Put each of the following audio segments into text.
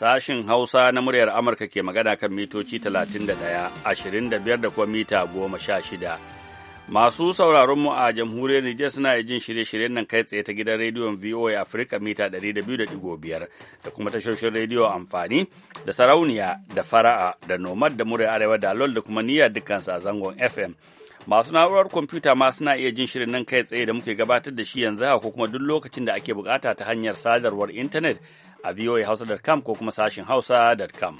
Sashin Hausa na muryar Amurka ke magana kan mitoci 31, 25 da kuma mita 16. Masu sauraron mu a jamhuriyar Nijar suna jin shirye-shiryen nan kai tsaye ta gidan rediyon VOA Africa mita 200.5 da kuma tashoshin rediyo amfani da sarauniya da fara'a da nomad da muryar arewa da lol da kuma niyyar dukansa a zangon FM. Masu na'urar kwamfuta ma suna iya jin shirin nan kai tsaye da muke gabatar da shi yanzu ko kuma duk lokacin da ake bukata ta hanyar sadarwar intanet a voahausa.com ko kuma sashin hausa.com.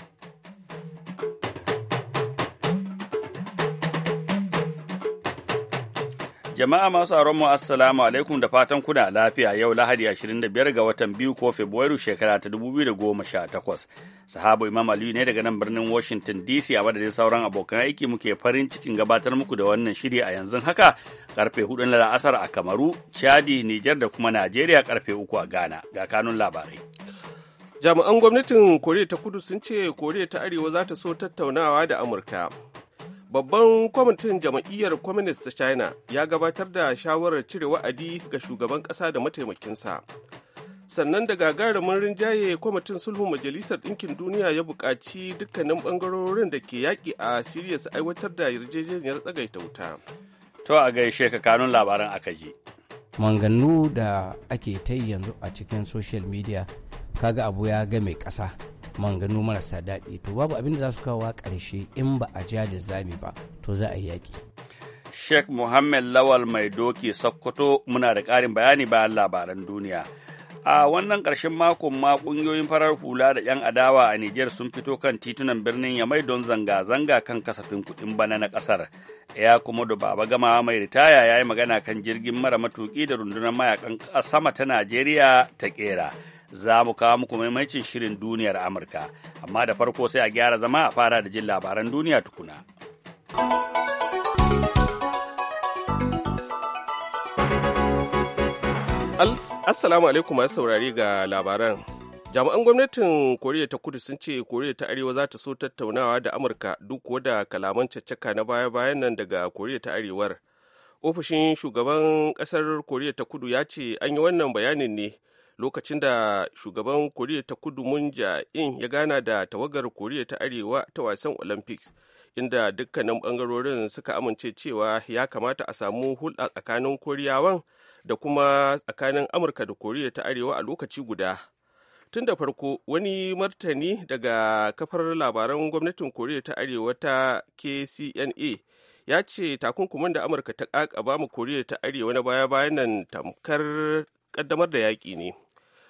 Jama'a masu aron mu assalamu alaikum da fatan kuna lafiya yau Lahadi 25 ga watan biyu ko Fabrairu shekara ta 2018. Sahabu Imam Aliyu ne daga nan birnin Washington DC a madadin sauran abokan aiki muke farin cikin gabatar muku da wannan shiri a yanzu haka karfe 4 na la'asar a Kamaru, Chadi, Nijar da kuma Najeriya karfe 3 a Ghana. Ga kanun labarai. jami'an gwamnatin koriya ta kudu sun ce koriya ta arewa za ta so tattaunawa da amurka babban kwamitin jam'iyyar communist ta china ya gabatar da shawarar cire wa'adi ga shugaban ƙasa da mataimakinsa sannan da gagarumin rinjaye kwamitin sulhun majalisar ɗinkin duniya ya buƙaci dukkanin ɓangarorin da ke yaƙi a siriya su aiwatar da yarjejeniyar tsagaita wuta to a gaishe ka kanun labaran aka ji manganu da ake ta yanzu a cikin social media kaga abu ya game ƙasa manganu marasa daɗi to babu abin da za su kawo ƙarshe in ba a ja da zami ba to za a yi yaƙi. Sheikh Muhammad Lawal Mai Doki Sokoto muna da ƙarin bayani bayan labaran duniya. a wannan ƙarshen makon ma ƙungiyoyin farar hula da 'yan adawa a Nijar sun fito kan titunan birnin Yamai don zanga-zanga kan kasafin kuɗin bana na ƙasar. Ya kuma da baba gama mai ritaya ya yi magana kan jirgin mara matuƙi da rundunar mayakan sama ta Najeriya ta ƙera. Za mu kawo muku maimacin shirin duniyar Amurka, amma da farko sai a gyara zama a fara da jin labaran duniya tukuna. Assalamu alaikum masu saurari ga labaran. Jami'an gwamnatin Koriya ta Kudu sun ce Koriya ta Arewa za ta so tattaunawa da Amurka duk da kalaman caccaka na baya-bayan nan daga Koriya ta Arewar. Ofishin shugaban ƙasar Koriya ta Kudu ya ce an yi wannan bayanin ne lokacin da shugaban Koriya ta Kudu Munja in ya gana da tawagar Koriya ta Arewa ta wasan Olympics. inda dukkanin bangarorin suka amince cewa ya kamata a samu hulɗa tsakanin koriyawan da kuma tsakanin amurka da koriya ta arewa a lokaci guda tun da farko wani martani daga kafar labaran gwamnatin koriya ta arewa ta kcna ya ce takunkuman da amurka ta kakaba mu koriya ta arewa na baya-bayan nan tamkar kaddamar da yaƙi ne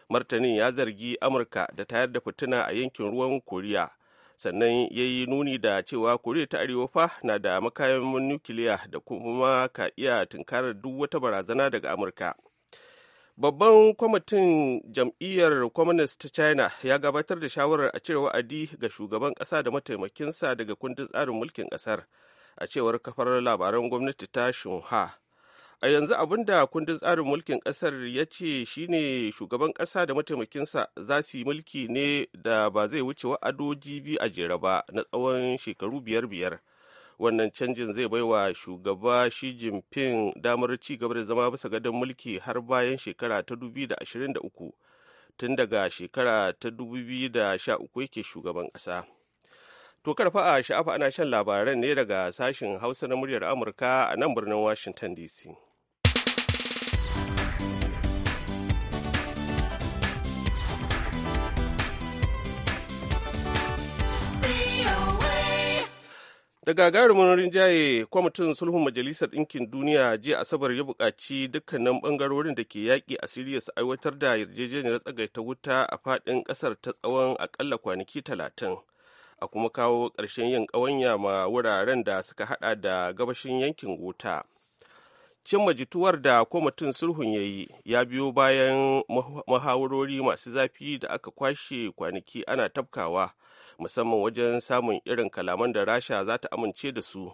martanin ya zargi amurka da tayar da fituna a yankin ruwan koriya sannan ya yi nuni da cewa koriya ta arewa fa na da makayan nukiliya da kuma ka iya tunkarar duk wata barazana daga amurka babban kwamitin jam'iyyar communist ta china ya gabatar da shawarar a cire wa'adi ga shugaban kasa da mataimakinsa daga kundin tsarin mulkin ƙasar a cewar kafar labaran gwamnati ta shunha a yanzu abin da kundin tsarin mulkin kasar ya ce shi ne shugaban kasa da mataimakinsa za su yi mulki ne da ba zai wuce wa'adoji biyu a jere ba na tsawon shekaru biyar biyar wannan canjin zai baiwa shugaba shi jinping damar ci gaba da zama bisa gadon mulki har bayan shekara ta 2023 tun daga shekara ta 2013 yake shugaban ƙasa. To karfa a sha'afa ana shan labaran ne daga sashen Hausa na muryar Amurka a nan birnin Washington DC. da gagarumin rinjaye kwamitin sulhun majalisar ɗinkin duniya jiya asabar ya buƙaci dukkanin ɓangarorin da ke yaƙi a siriya su aiwatar da yarjejeniyar tsagaita wuta a faɗin ƙasar ta tsawon aƙalla kwanaki talatin a kuma kawo ƙarshen yin ƙawanya ma wuraren da suka haɗa da gabashin yankin wuta cin majituwar da kwamitin sulhun ya yi ya biyo bayan muhawarori masu zafi da aka kwashe kwanaki ana tafkawa musamman wajen samun irin kalaman da rasha za ta amince da su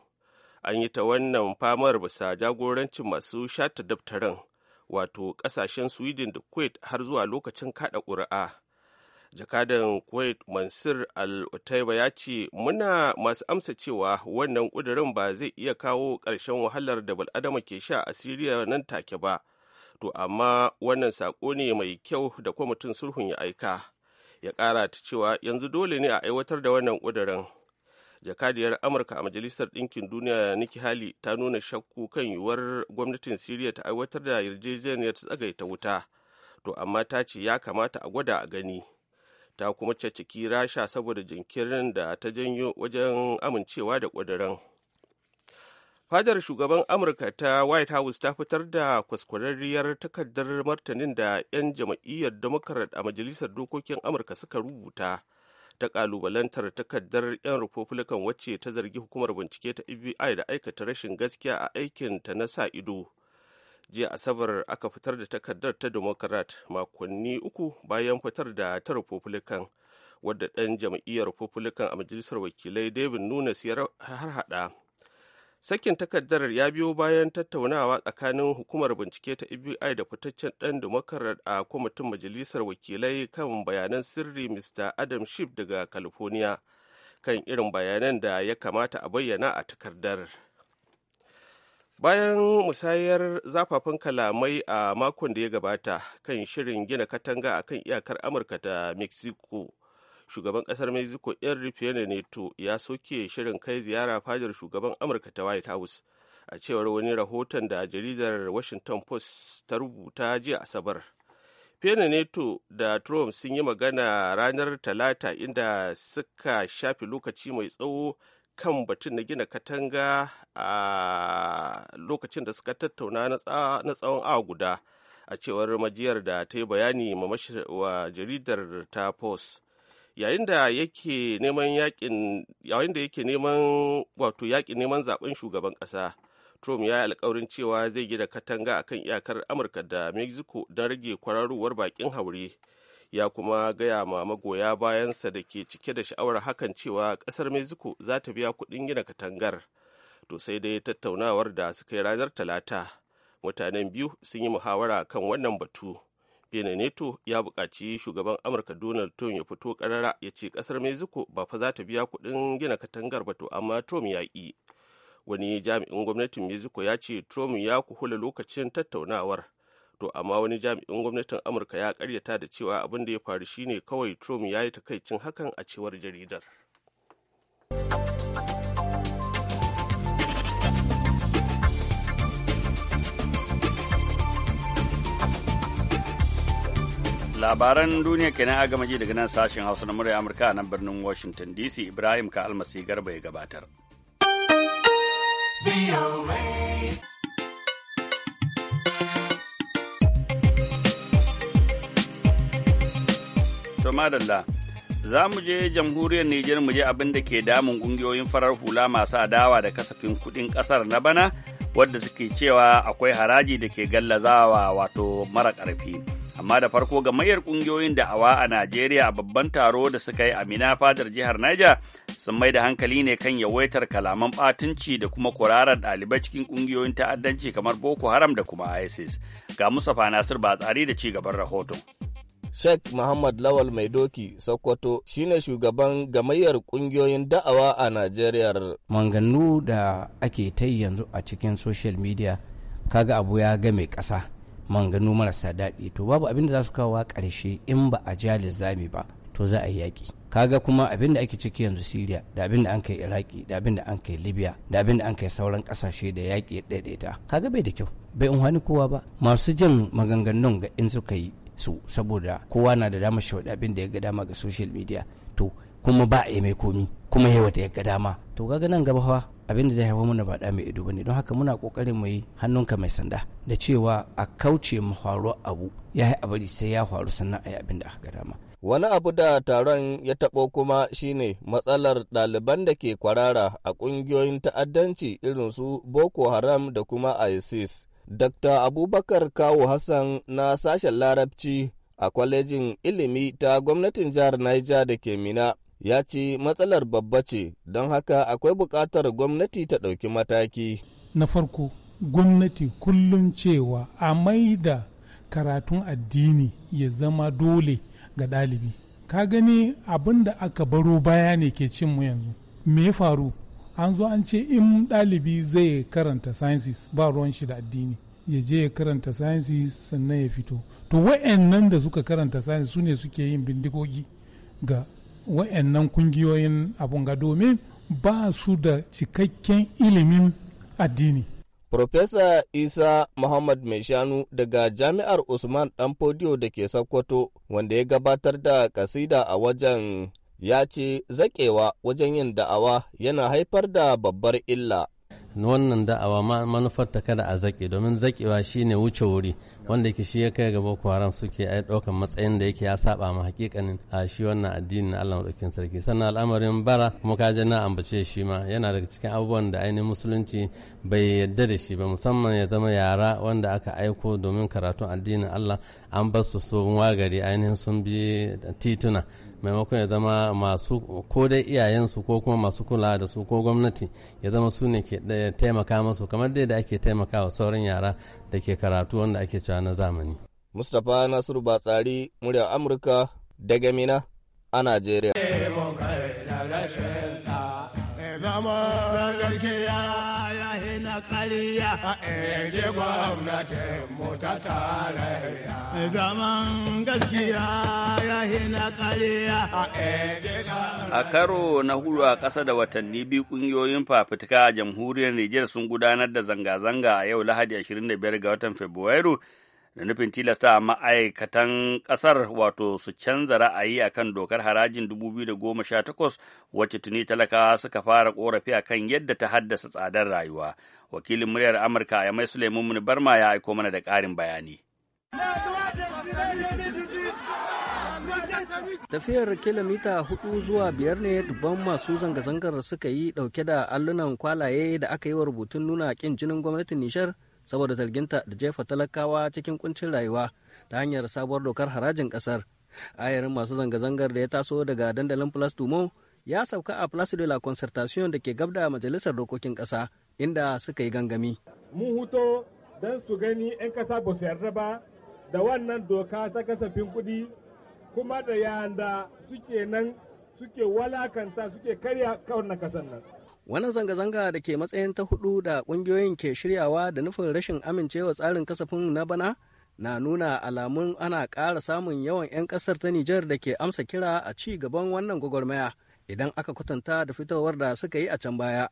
an yi ta wannan famar bisa jagorancin masu shata daftarin wato kasashen sweden da kuwait har zuwa lokacin kada ƙuri'a jakadan kuwait mansur al-utaiba ya ce muna masu amsa cewa wannan ƙudurin ba zai iya kawo ƙarshen wahalar da bal'adama ke sha a siriya nan take ba to amma wannan saƙo ne mai kyau da kwamitin sulhun ya aika ya ƙara ta cewa yanzu dole ne a aiwatar da wannan ƙudurin jakadiyar amurka a majalisar ɗinkin duniya niki hali ta nuna shakku kan yiwuwar gwamnatin siriya ta aiwatar da yarjejeniyar tsagaita wuta to amma ta ce ya kamata a gwada a gani ta kuma caciki rasha saboda jinkirin da ta janyo wajen amincewa da ƙudurin fadar shugaban amurka ta white house ta fitar da kwaskwararriyar takardar martanin da 'yan jam'iyyar democrat a majalisar dokokin amurka suka rubuta ta kalubalantar takardar 'yan republican wacce ta zargi hukumar bincike ta fbi da aikata rashin gaskiya a aikin ta na sa ido jiya asabar aka fitar da takardar ta democrat makonni uku bayan fitar da ta republican wadda ɗan jam'iyyar republican a majalisar wakilai david nunes ya harhaɗa sakin takardar ya biyo bayan tattaunawa tsakanin hukumar bincike ta fbi da fitaccen ɗan dumakar a kwamitin majalisar wakilai kan bayanan sirri mr adam Schiff daga california kan irin bayanan da ya kamata a bayyana a takardar bayan musayar zafafin kalamai a makon da ya gabata kan shirin gina katanga a kan iyakar amurka da mexico shugaban kasar mexico enrique peña neto ya soke shirin kai ziyara fadar shugaban amurka ta white house a cewar wani rahoton da jaridar washington post ta rubuta jiya asabar peña neto da trump sun yi magana ranar talata inda suka shafi lokaci mai tsawo kan batun na gina katanga a lokacin da suka tattauna na tsawon awa guda a cewar majiyar da ta yi bayani wa jaridar ta post yayin da yake neman yakin wato yakin neman zaben shugaban ƙasa Trump ya yi alkawarin cewa zai gina katanga akan iyakar Amurka da Mexico don rage kwararowar bakin haure. Ya kuma gaya ma magoya bayansa da ke cike da sha'awar hakan cewa ƙasar Mexico za ta biya kuɗin gina katangar. To sai dai tattaunawar da suka yi ranar Talata. Mutanen biyu sun yi muhawara kan wannan batu. bene neto ya buƙaci shugaban amurka donald trump ya fito ƙarara ya ce ƙasar mexico ba fa za ta biya kuɗin gina katangar ba to amma trump ya ƙi wani jami'in gwamnatin mexico ya ce trump ya kuhula lokacin tattaunawar to amma wani jami'in gwamnatin amurka ya karyata da cewa abin da ya faru shine kawai trump ya yi takaicin hakan a cewar jaridar labaran duniya kenan a gama ji daga nan sashen hausa na murya amurka a nan birnin washington dc ibrahim ka almasi garba ya gabatar to madalla za mu je jamhuriyar Nijar mu je abin da ke damun ƙungiyoyin farar hula masu adawa da kasafin kuɗin ƙasar na bana wadda suke cewa akwai haraji da ke gallazawa wato mara ƙarfi. amma da farko gamayyar kungiyoyin da'awa a Najeriya a babban taro da suka yi a Mina fadar jihar Niger sun mai da hankali ne kan yawaitar kalaman ɓatunci da kuma kurarar ɗalibai cikin kungiyoyin ta'addanci kamar Boko Haram da kuma ISIS. Ga Mustapha Nasir batsari da ci gaban rahoton. Sheikh Muhammad Lawal Maidoki Sokoto shine shugaban gamayyar kungiyoyin da'awa a Najeriya. Manganu da ake ta yanzu a cikin social media kaga abu ya game ƙasa. manganu marasa daɗi to babu abin da za su kawo ƙarshe in ba a ja zami ba to za a yi yaƙi kaga kuma abin da ake ciki yanzu Siriya da abin da an kai Iraki da abin da an kai Libya da abin da an kai sauran kasashe da yaƙi ya ɗaiɗaita kaga bai da kyau bai wani kowa ba masu jan maganganun ga in suka yi su saboda kowa na da damar shi abin da ya ga dama ga social media to kuma ba a yi mai komi kuma yawa da ya ga dama to kaga nan gaba abin da zai haifar mana ba da mai ido bane don haka muna kokarin mu yi hannunka mai sanda da cewa a kauce mu faru abu ya yi abari sai ya faru sannan a yi abin da aka dama wani abu da taron ya taɓo kuma shine matsalar ɗaliban da ke kwarara a ƙungiyoyin ta'addanci irin su boko haram da kuma isis dr abubakar kawo hassan na sashen larabci a kwalejin ilimi ta gwamnatin jihar Niger da ke mina ya ce matsalar babba ce don haka akwai buƙatar gwamnati ta ɗauki mataki. Na farko, gwamnati kullum cewa a da karatun addini ya zama dole ga ɗalibi. Ka gani abin da aka baro baya ne ke mu yanzu. Me ya faru? An zo an ce in ɗalibi zai karanta sciences ba ruwan shi da addini. ya je ya karanta sciences sannan ya fito to wa'annan da suka karanta sciences su ne suke yin bindigogi ga wa'annan kungiyoyin abun ga domin ba su da cikakken ilimin addini. Profesa Isa Muhammad Mai Shanu daga Jami'ar Usman Danfodiyo da ke Sokoto wanda ya gabatar da kasida a wajen ya ce zaƙewa wajen yin da'awa yana haifar da babbar illa wannan da'awa manufar ta kada a zaƙe domin zaƙewa shine wuce wuri wanda ke shi ya kai ga boko haram suke a ɗaukan matsayin da yake ya saba ma hakikanin a shi wannan addini na Allah sarki sannan al'amarin bara kuma ka na ambace shi ma yana daga cikin abubuwan da ainihin musulunci bai yadda da shi ba musamman ya zama yara wanda aka aiko domin karatun addinin Allah an bar su sun wagari ainihin sun bi tituna maimakon ya zama masu ko dai iyayensu ko kuma masu kula da su ko gwamnati ya zama su ne ke taimaka masu kamar dai da ake taimakawa sauran yara da ke karatu wanda ake cewa na zamani. Mustapha Nasiru Batsari, muryar Amurka daga Mina a Najeriya. ƙarya eje gwamnatin mu ta zaman gaskiya ya hina eje a karo na hudu a ƙasa da watanni biyu ƙungiyoyin fafutuka a jamhuriyar Nijar sun gudanar da zanga-zanga a yau Lahadi 25 ga watan Fabrairu da nufin tilasta a ma'aikatan kasar wato su canza ra'ayi akan dokar harajin 2018 wacce tuni talakawa suka fara korafi akan yadda ta haddasa tsadar rayuwa wakilin muryar amurka ya mai suleiman barma ya aiko mana da karin bayani tafiyar kilomita hudu zuwa biyar ne dubban masu zanga-zangar suka yi dauke da allunan kwalaye da aka yi wa rubutun nuna kin jinin gwamnatin nishar saboda zarginta da jefa talakawa cikin kuncin rayuwa ta hanyar sabuwar dokar harajin kasar ayarin masu zanga-zangar da ya taso daga dandalin plus dumo ya sauka a plus de la concertation da ke gabda majalisar dokokin kasa inda suka yi gangami mun huto don su gani 'yan kasa ba su yarda ba da wannan doka ta kasafin kudi kuma da yanda suke nan suke walakanta suke karya kawar na kasan nan Wannan zanga-zanga da ke matsayin ta hudu da ƙungiyoyin ke shiryawa da nufin rashin amincewa tsarin kasafin na bana na nuna alamun ana ƙara samun yawan 'yan ƙasar ta Nijar da ke amsa kira a ci gaban wannan gwagwarmaya idan aka kwatanta da fitowar da suka yi a can baya.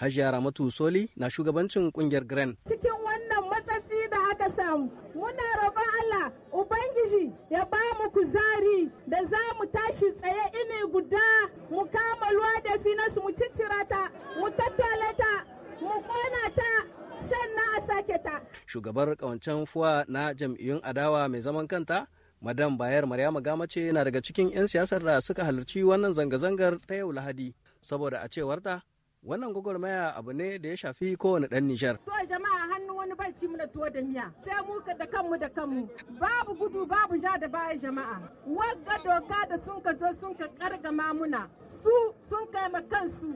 Hajiya Ramatu Soli na shugabancin kungiyar Gren. Cikin wannan matsatsi da aka samu, muna roƙon Allah Ubangiji ya ba mu kuzari da za mu tashi tsaye ini guda mu kama luwa da finas mu ciccira ta, mu tattale ta, mu kona ta, sannan a sake ta. Shugabar kawancen fuwa na jam'iyyun adawa mai zaman kanta, Madam Bayar Maryama Gamace na daga cikin 'yan siyasar da suka halarci wannan zanga-zangar ta yau Lahadi, saboda a cewarta wannan gwagwarmaya abu ne da ya shafi kowane ɗan Nijar. To jama'a hannu wani bai ci mana tuwo da miya, sai mu da kanmu da kanmu. Babu gudu babu ja da baya jama'a. Wagga doka da sun ka zo sun ka karga muna, su sun kai ma kansu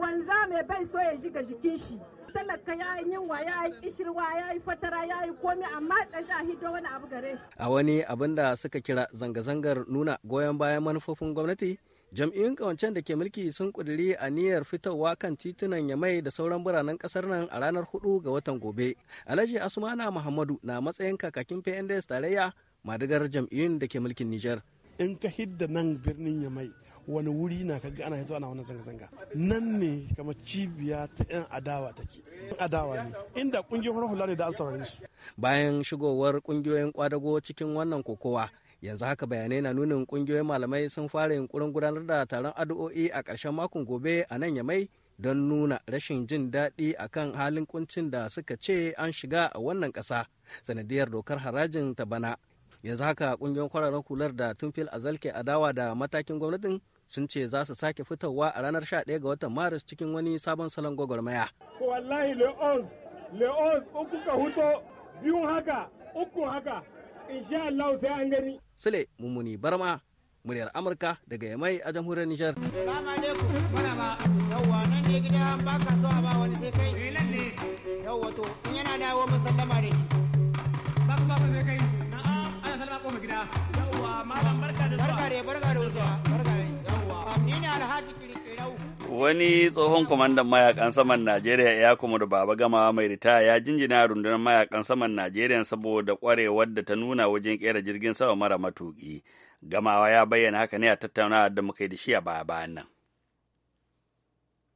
wanza mai bai so ya shiga jikin shi. talaka ya yi yinwa ya yi kishirwa ya yi fatara ya yi komi amma tsaja hido wani abu gare shi. A wani abin da suka kira zanga-zangar nuna goyon bayan manufofin gwamnati jam'iyyun kawancen da ke mulki sun ƙudiri aniyar fitowa kan titunan yamai da sauran biranen ƙasar nan a ranar 4 ga watan gobe alhaji asmana muhammadu na matsayin kakakin pnds tarayya madigar jam'iyyun da ke mulkin nijar in ka hidda nan birnin yamai wani wuri na kaga ana hito ana wannan zanga-zanga nan ne kamar cibiya ta 'yan adawa take yan adawa ne inda kungiyoyin hula ne da an saurare su bayan shigowar kungiyoyin kwadago cikin wannan kokowa yanzu haka bayanai na nunin kungiyoyin malamai sun fara yunkurin gudanar da taron addu'o'i a ƙarshen makon gobe a nan mai don nuna rashin jin daɗi a kan halin kuncin da suka ce an shiga a wannan ƙasa sanadiyar dokar harajin ta bana yanzu haka kungiyoyin kwararren kular da tunfil azalke adawa da matakin gwamnatin sun ce za su sake fitowa a ranar 11 ga watan maris cikin wani sabon salon gwagwarmaya. wallahi le'ons le'ons uku ka huto biyun haka uku haka insha Allah sai an gani sule mummuni barma muryar amurka daga yamai a jamhuriyar nijar salamu alaikum maraba yawwa nan ne gida an baka so a ba wani sai kai eh lalle yawwa to in yana dawo mun sallama da ki ba ku ba ku sai kai na'am ana sallama ko gida yawwa malam barka da zuwa barka da barka da wuta barka da yawwa ni ne alhaji kirkirau Wani tsohon kwamandan mayakan saman Najeriya ya kuma da baba gama mai ritaya ya jinjina rundunar mayakan saman Najeriya saboda kwarewar da ta nuna wajen kera jirgin sama mara matuki. Gamawa ya bayyana haka ne a tattaunawa da muka yi da shi a baya bayan nan.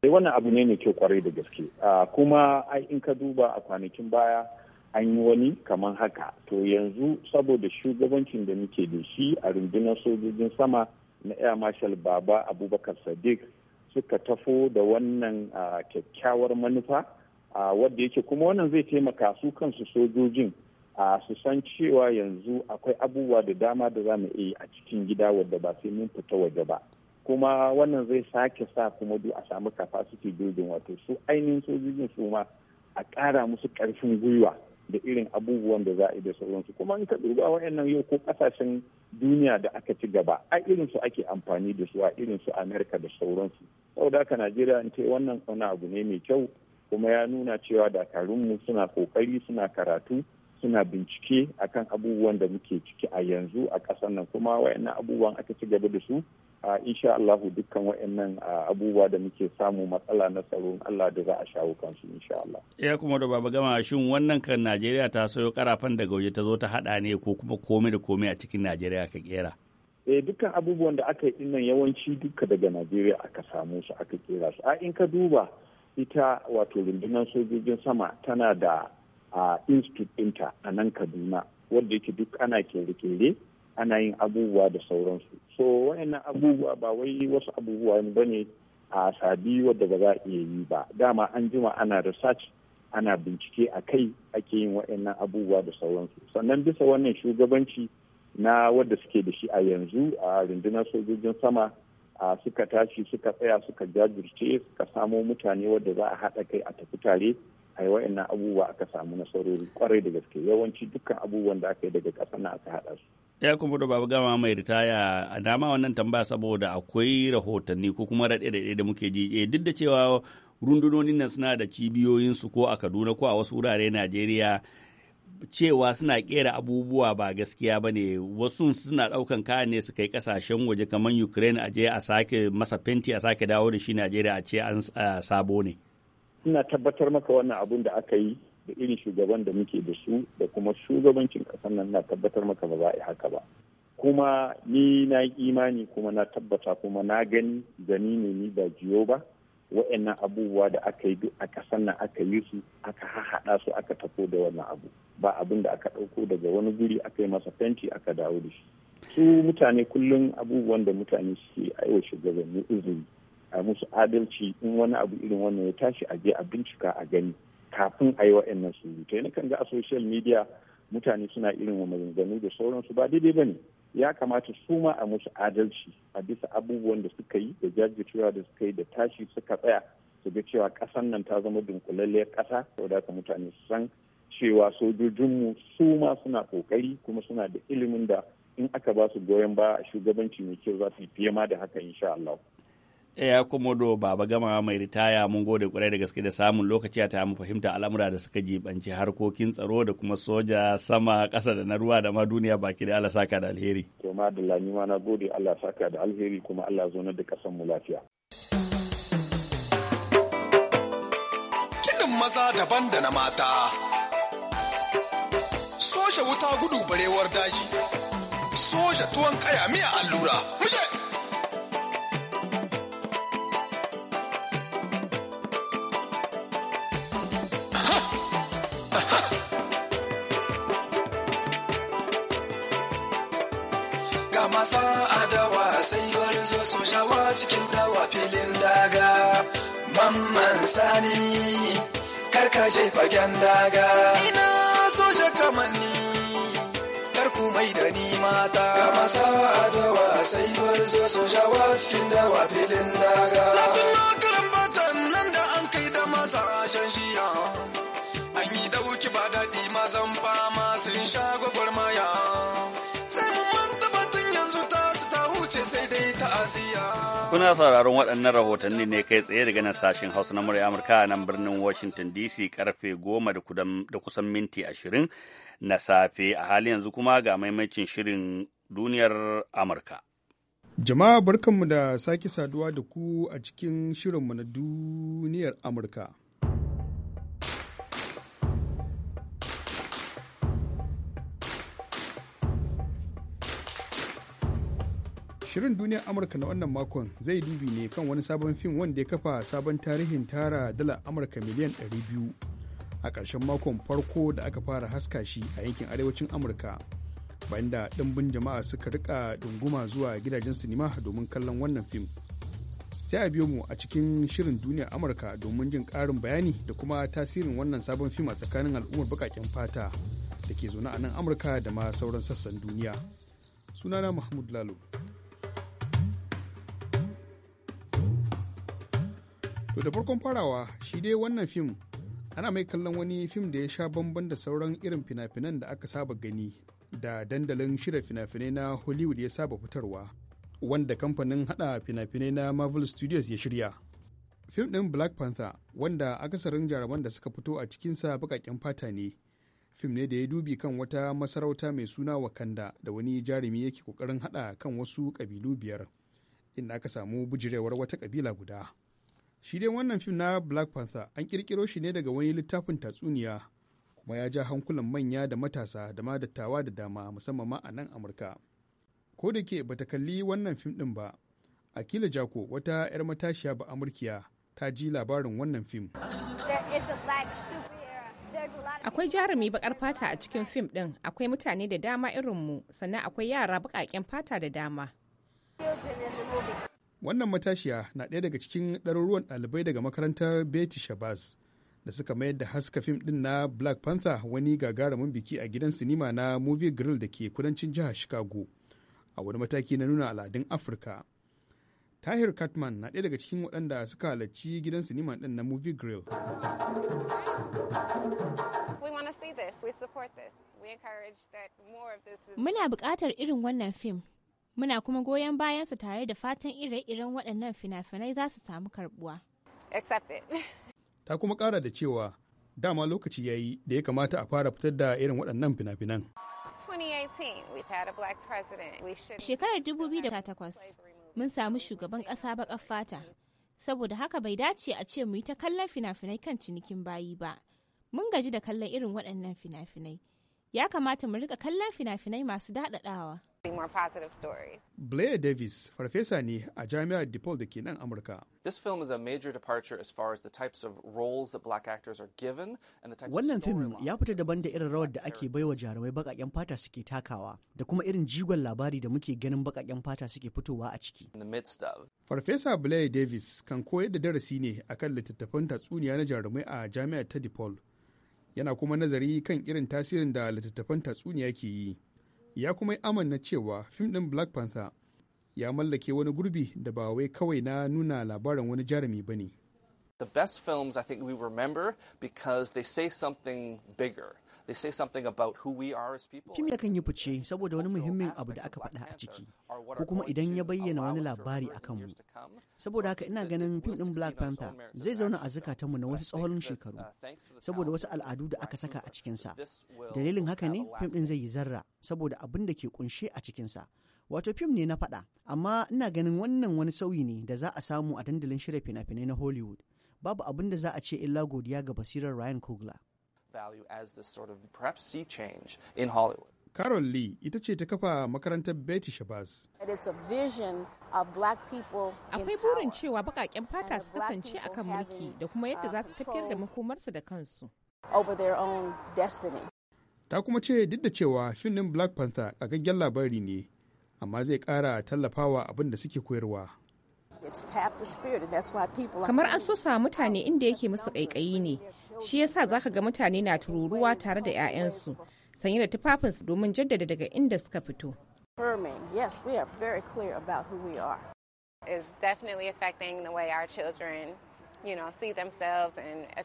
Sai eh, wannan abu ne mai kyau kwarai da gaske. Ah, kuma ai in ka duba a kwanakin baya an yi wani kamar haka. To yanzu saboda shugabancin da muke da shi a rundunar sojojin sama na Air Marshal Baba Abubakar Sadiq suka tafo da wannan kyakkyawar manufa wadda yake kuma wannan zai taimaka su kansu sojojin su san cewa yanzu akwai abubuwa da dama da za mu iya a cikin gida wadda ba sai mun fita waje ba kuma wannan zai sake sa kuma duk a samu capacity building wato su ainihin sojojin su ma a ƙara musu ƙarfin gwiwa da irin abubuwan da za a yi da sauransu kuma in ka duba wayannan yau ko kasashen duniya da aka ci gaba a irin su ake amfani da su a irin su america da sauransu saboda haka najeriya in ce wannan wani abu ne mai kyau kuma ya nuna cewa dakarunmu suna kokari suna karatu suna bincike akan abubuwan da muke ciki a yanzu a ƙasar nan kuma wayannan abubuwan aka ci gaba da su a insha Allahu dukkan wayannan abubuwa da muke samu matsala na tsaron Allah da za a shawo kansu insha Allah ya kuma da baba gama shin wannan kan Najeriya ta sayo karafan daga waje ta zo ta haɗa ne ko kuma komai da komai a cikin Najeriya ka kera eh dukkan abubuwan da aka yi dinnan yawanci duka daga Najeriya aka samu su aka kera su a in ka duba ita wato rundunar sojojin sama tana da a institute ɗinta a nan kaduna wadda yake duk ana kere-kere ana yin abubuwa da sauransu so wayannan abubuwa ba wai wasu abubuwa ba ne a sabi wadda ba za a iya yi ba dama an jima ana research ana bincike a kai ake yin wayannan abubuwa da sauransu sannan bisa wannan shugabanci na wadda suke da shi a yanzu a rundunar sojojin sama a suka tashi suka tsaya suka jajirce suka samo mutane wadda za a haɗa kai a tafi tare ai wa'annan abubuwa aka samu nasarori kwarai da gaske yawanci dukkan abubuwan da aka yi daga ƙasa na aka haɗa su ya kuma da babu gama mai ritaya a dama wannan tambaya saboda akwai rahotanni ko kuma raɗe-raɗe da muke ji eh, duk da cewa rundunonin nan suna da cibiyoyinsu ko a kaduna ko a wasu wurare najeriya cewa suna kera abubuwa ba gaskiya ba ne wasu suna ɗaukan kayan ne su kai ƙasashen waje kamar ukraine a je a sake masa fenti a sake dawo da shi najeriya a ce an sabo ne ina tabbatar maka wannan abun da aka yi da irin shugaban da muke da su da kuma shugabancin ƙasar nan na tabbatar maka ba za a yi haka ba kuma ni na imani kuma na tabbata kuma na gani gani ne ni ba jiyo ba wa'annan abubuwa da aka yi duk a ƙasar nan aka yi su aka hahaɗa su aka tafo da wannan abu ba abin da aka ɗauko daga wani guri aka yi masa fenti aka dawo da shi su mutane kullum abubuwan da mutane suke aiwa shugabanni izini a musu adalci in wani abu irin wannan ya tashi a je a bincika a gani kafin a yi wa'annan ta na kan ga a social media mutane suna irin wa maganganu da sauransu ba daidai ba ne ya kamata su ma a musu adalci a bisa abubuwan da suka yi da jajircewa da suka yi da tashi suka tsaya su ga cewa ƙasan nan ta zama dunkulalliyar ƙasa saboda da mutane su san cewa sojojinmu su ma suna ƙoƙari kuma suna da ilimin da in aka ba su goyon ba a shugabanci mai kyau za su yi fiye ma da haka insha Allah. ya do baba gama mai ritaya mun gode kwarai da gaske da samun lokaci a ta mu fahimta al'amura da suka jibanci harkokin tsaro da kuma soja sama ƙasa da na ruwa da ma duniya baki da Allah saka da alheri to ma da lani ma na gode Allah saka da alheri kuma Allah zo na da kasan mu lafiya kinin maza daban da na mata soja wuta gudu barewar daji soja tuwon kaya miya allura mushe kar karka je fagen daga ina so kar karku mai da ni mata kama sawa sai wasai barzo so wa cikin dawa filin daga latin na batan nan da an kai da masa shan shiya an yi dauki ba daɗi mazan fama Kuna sauraron waɗannan rahotanni ne kai tsaye daga nan sashen Hausa na murya Amurka a nan birnin Washington DC karfe goma da kusan minti ashirin na safe a hali yanzu kuma ga maimacin shirin duniyar Amurka. Jama'a barkanmu da sake saduwa da ku a cikin shirinmu na duniyar Amurka. Shirin duniya Amurka na wannan makon zai dubi ne kan wani sabon fim wanda ya kafa sabon tarihin tara dala Amurka miliyan 200 a ƙarshen makon farko da aka fara haska shi a yankin arewacin Amurka. Bayan da ɗimbin jama'a suka rika ɗunguma zuwa gidajen sinima domin kallon wannan fim. Sai a biyo mu a cikin shirin duniya Amurka domin jin ƙarin bayani da kuma tasirin wannan sabon fim a tsakanin al'ummar baƙaƙen fata da ke zaune a nan Amurka da ma sauran sassan duniya. Sunana Mahmud Lalo. To da farkon farawa shi dai wannan fim ana mai kallon wani fim da ya sha bamban da sauran irin fina-finan da aka saba gani da dandalin shirya fina-finai na Hollywood ya saba fitarwa wanda kamfanin hada fina-finai na Marvel Studios ya shirya. Fim ɗin Black Panther wanda akasarin jaraban da suka fito a cikinsa baƙaƙen fata ne. Fim ne da ya dubi kan wata masarauta mai suna Wakanda da wani jarumi yake ƙoƙarin hada kan wasu ƙabilu biyar inda aka samu bujirewar wata ƙabila guda. shi dai wannan fim na black panther an kirkiro shi ne daga wani littafin tatsuniya kuma ya ja hankulan manya da matasa da ma dattawa da dama musamman ma a nan amurka ko da ke bata kalli wannan fim din ba akila jako wata 'yar matashiya ba amurkiya ta ji labarin wannan fim akwai jarumi bakar fata a cikin fim din akwai mutane da dama irinmu sannan akwai yara bakaken fata da dama wannan matashiya na ɗaya daga cikin ɗaruruwan ɗalibai daga makarantar betty shabazz da suka mayar da haska fim ɗin na black panther wani gagarumin biki a gidan sinima na movie grill da ke kudancin jihar chicago a wani mataki na nuna al'adun afirka tahir katman na ɗaya daga cikin waɗanda suka halarci gidan sinima ɗin na movie grill muna bukatar irin wannan fim Muna kuma goyon bayansa tare da fatan ire-iren waɗannan fina-finai za su samu karbuwa. Ta kuma ƙara da cewa dama lokaci ya yi da ya kamata a fara fitar da irin waɗannan fina-finan. Shekarar 2008 mun samu shugaban ƙasa baƙar fata, saboda haka bai dace a ce mu yi ta kallon fina-finai kan cinikin bayi ba. Mun gaji da kallon irin waɗannan fina-finai. Ya kamata mu rika kallon fina-finai masu daɗaɗawa. more positive stories. Blair Davis farfesa ne a Jami'ar DePaul da ke nan Amurka. This film is a major departure as far as the types of roles that black actors are given and the types Wannan film ya fita daban da irin rawar da ake baiwa jarumai bakaken fata suke takawa da kuma irin jigon labari da muke ganin bakaken fata suke fitowa a ciki. In the midst of. Farfesa Blair Davis kan koyar da darasi ne akan littattafan tatsuniya na jarumai a Jami'ar ta DePaul. Yana kuma nazari kan irin tasirin da littattafan tatsuniya ke yi. ya kuma yi amanna cewa fim ɗin black panther ya mallake wani gurbi da ba wai kawai na nuna labarin wani jarumi ba ne the best films i think we remember because they say something bigger Kim kan yi fice saboda wani muhimmin abu da aka faɗa a ciki, ko kuma idan ya bayyana wani labari a kanmu. Saboda haka ina ganin fim ɗin Black Panther zai zauna a zukatanmu na wasu tsawon shekaru, uh, saboda wasu al'adu da aka saka a cikinsa. Dalilin haka ne fim ɗin zai yi zarra saboda abin da ke kunshe a cikinsa. Wato fim ne na faɗa, amma ina ganin wannan wani sauyi ne da za a samu a dandalin shirya fina-finai na Hollywood. Babu abin da za a ce illa godiya ga basirar Ryan Coogler. value as this sort of perhaps sea change in Hollywood. Carol Lee ita ce ta kafa makarantar Betty Shabazz. Akwai burin cewa bakaken fata su kasance a kan mulki da kuma yadda za su tafiyar da uh, makomarsa da kansu. Ta kuma ce duk da cewa fim Black Panther ƙagaggen labari ne, amma zai ƙara tallafawa abin da suke koyarwa. Kamar an so sa mutane inda yake musu ƙaiƙayi ne, shi yasa za ka ga mutane na tururuwa tare da 'ya'yansu, sanye da tufafinsu domin jaddada daga inda suka fito.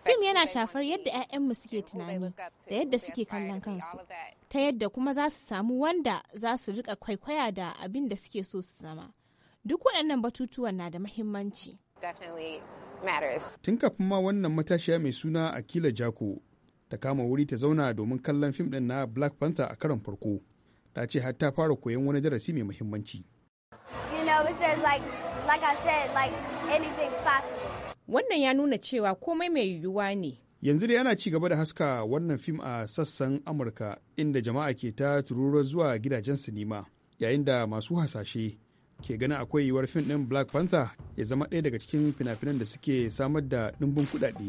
Fim yana shafar yadda 'ya'yanmu suke tunani da yadda suke kallon kansu, ta yadda kuma za su samu wanda za su riƙa kwaikwaya da abin da suke so su zama. duk waɗannan batutuwan na da mahimmanci. Tun kafin ma wannan matashiya mai suna Akila Jako ta kama wuri ta zauna domin kallon fim ɗin na Black Panther a karon farko. Ta ce har ta fara koyon wani darasi mai mahimmanci. Wannan ya nuna cewa komai mai yiwuwa ne. Yanzu dai ana ci gaba da haska wannan fim a sassan Amurka inda jama'a ke ta tururuwar zuwa gidajen sinima yayin da masu hasashe ke ganin akwai yiwuwar fim ɗin black panther ya zama ɗaya daga cikin fina-finan da suke samar da ɗimbin kuɗaɗe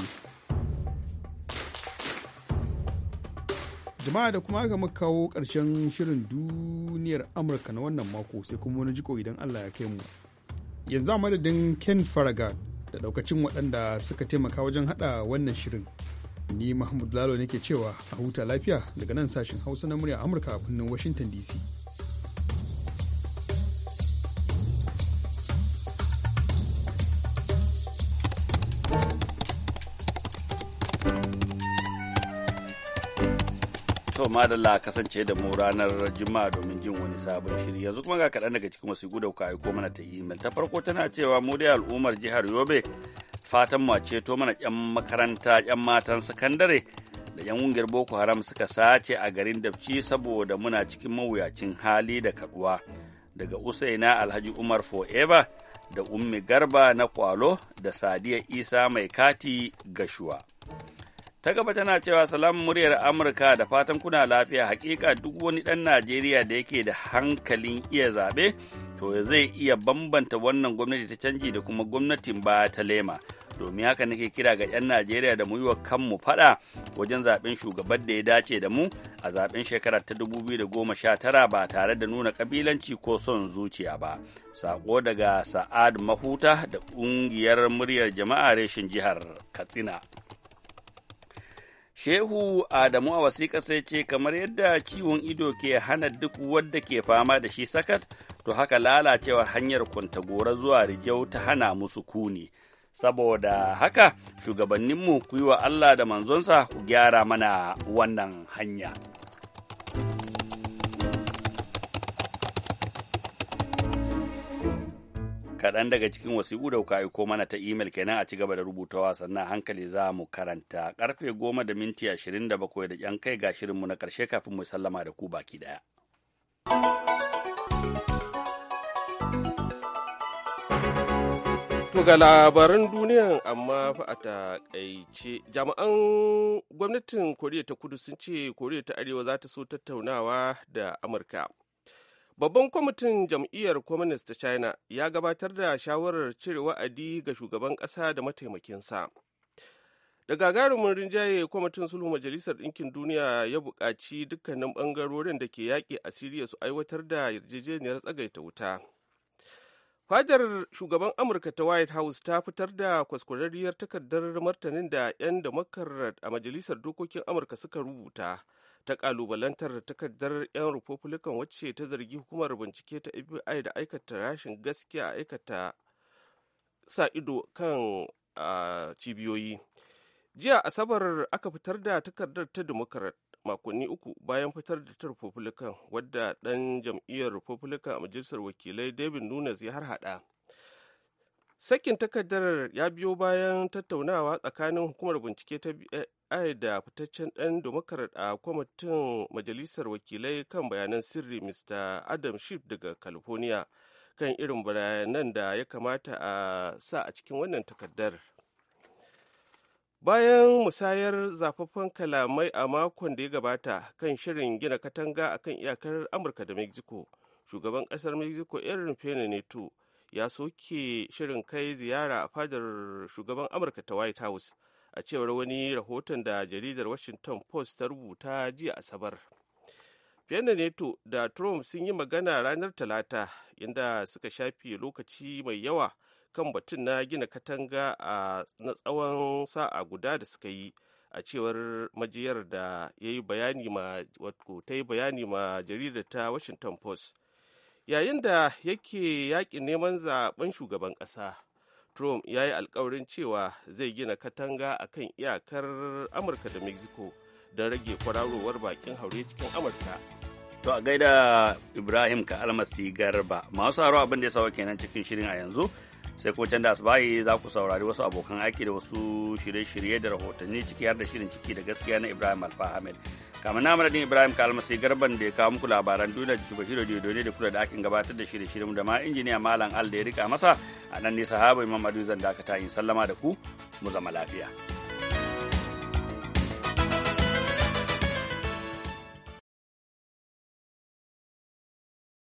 jama'a da kuma aka muka kawo ƙarshen shirin duniyar amurka na wannan mako sai kuma wani jiko idan allah ya kai mu yanzu a madadin ken faragad da ɗaukacin waɗanda suka taimaka wajen haɗa wannan shirin ni mahmud lalo nake cewa a huta lafiya daga nan sashen hausa na murya amurka a birnin washington dc madalla kasance da mu ranar juma'a domin jin wani sabon shiri yanzu kuma ga kaɗan daga cikin wasu da kuka aiko mana ta imel ta farko tana cewa mu dai al'ummar jihar yobe fatan mu ceto mana yan makaranta yan matan sakandare da yan ƙungiyar boko haram suka sace a garin dabci saboda muna cikin mawuyacin hali da kaduwa daga usaina alhaji umar forever da ummi garba na kwalo da sadiya isa mai kati gashuwa. ta gaba tana cewa salamun muryar amurka da fatan kuna lafiya hakika duk wani ɗan najeriya da yake da hankalin iya zaɓe to zai iya bambanta wannan gwamnati ta canji da kuma gwamnatin baya ta lema domin haka nake kira ga 'yan najeriya da mu yi wa kanmu faɗa wajen zaɓen shugaban da ya dace da mu a zaɓen shekarar ta 2019 ba tare da nuna ƙabilanci ko son zuciya ba sako daga sa'ad mahuta da ƙungiyar muryar jama'a reshin jihar katsina Shehu Adamu a wasiƙa sai ce kamar yadda ciwon ido ke hana duk wadda ke fama da shi sakat, to haka lalacewar hanyar kwantagora zuwa Rijau ta hana musu kuni. Saboda haka, shugabanninmu ku yi wa Allah da manzonsa ku gyara mana wannan hanya. kaɗan daga cikin wasiƙu da kuka aiko mana ta imel kenan a ci gaba da rubutawa sannan hankali za mu karanta karfe goma da minti ashirin da bakwai da yan kai ga shirinmu na ƙarshe kafin mu sallama da ku baki ɗaya. To ga labaran duniyan amma fa a takaice jami'an gwamnatin Koriya ta kudu sun ce Koriya ta Arewa za ta so tattaunawa da Amurka. Babban kwamitin jam'iyyar Communist ta China ya gabatar da shawarar cire wa'adi ga shugaban ƙasa da mataimakinsa. Da gagarumin rinjaye kwamitin sulhu majalisar ɗinkin duniya ya buƙaci dukkanin ɓangarorin da ke yaƙi a Siriya su aiwatar da yarjejeniyar tsagaita wuta. Fadar shugaban Amurka ta White House ta fitar da kwaskwararriyar takardar martanin da 'yan damakar a majalisar dokokin Amurka suka rubuta. ta kalubalantar takardar 'yan republican wacce ta zargi hukumar bincike ta fbi da aikata rashin gaskiya aikata sa ido kan cibiyoyi jiya asabar aka fitar da takardar ta democrat makonni uku bayan fitar da ta republican wadda dan jam'iyyar republican a majalisar wakilai david nunes ya harhaɗa sakin takardar ya biyo bayan tattaunawa tsakanin hukumar bincike ta ai da fitaccen ɗan demokrat a kwamitin majalisar wakilai kan bayanan sirri mr adam schiff daga california kan irin bayanan da ya kamata a sa a cikin wannan takardar bayan musayar zafaffen kalamai a makon da ya gabata kan shirin gina katanga akan iyakar amurka da mexico shugaban kasar mexico irin pena neto ya soke shirin kai ziyara a fadar shugaban amurka ta white house a cewar wani rahoton da jaridar washington post ta rubuta jiya asabar fiye da neto da trump sun yi magana ranar talata inda suka shafi lokaci mai yawa kan batun na gina katanga a na tsawon sa'a guda da suka yi a cewar majiyar da ya yi bayani ma wato ta yi bayani ma jaridar ta washington post yayin da yake yaƙin neman zaɓen shugaban ƙasa trump ya yi alkawarin cewa zai gina katanga a kan iyakar amurka da mexico don rage kwararowar bakin haure cikin amurka to a gaida ibrahim ka almasi garba masu haro abin da ya sawa kenan cikin shirin a yanzu sai ko can da asibayi za ku saurari wasu abokan aiki da wasu shirye-shirye da rahotanni ciki har da shirin ciki da gaskiya na ibrahim alfa ahmed kamar na madadin ibrahim kalmasi garban da ya kawo muku labaran duniya da shugaba da diodone da kula da akin gabatar da shirye-shiryen da ma injiniya malam al da ya rika masa a nan ne sahaba imam adu zan dakata in sallama da ku mu zama lafiya.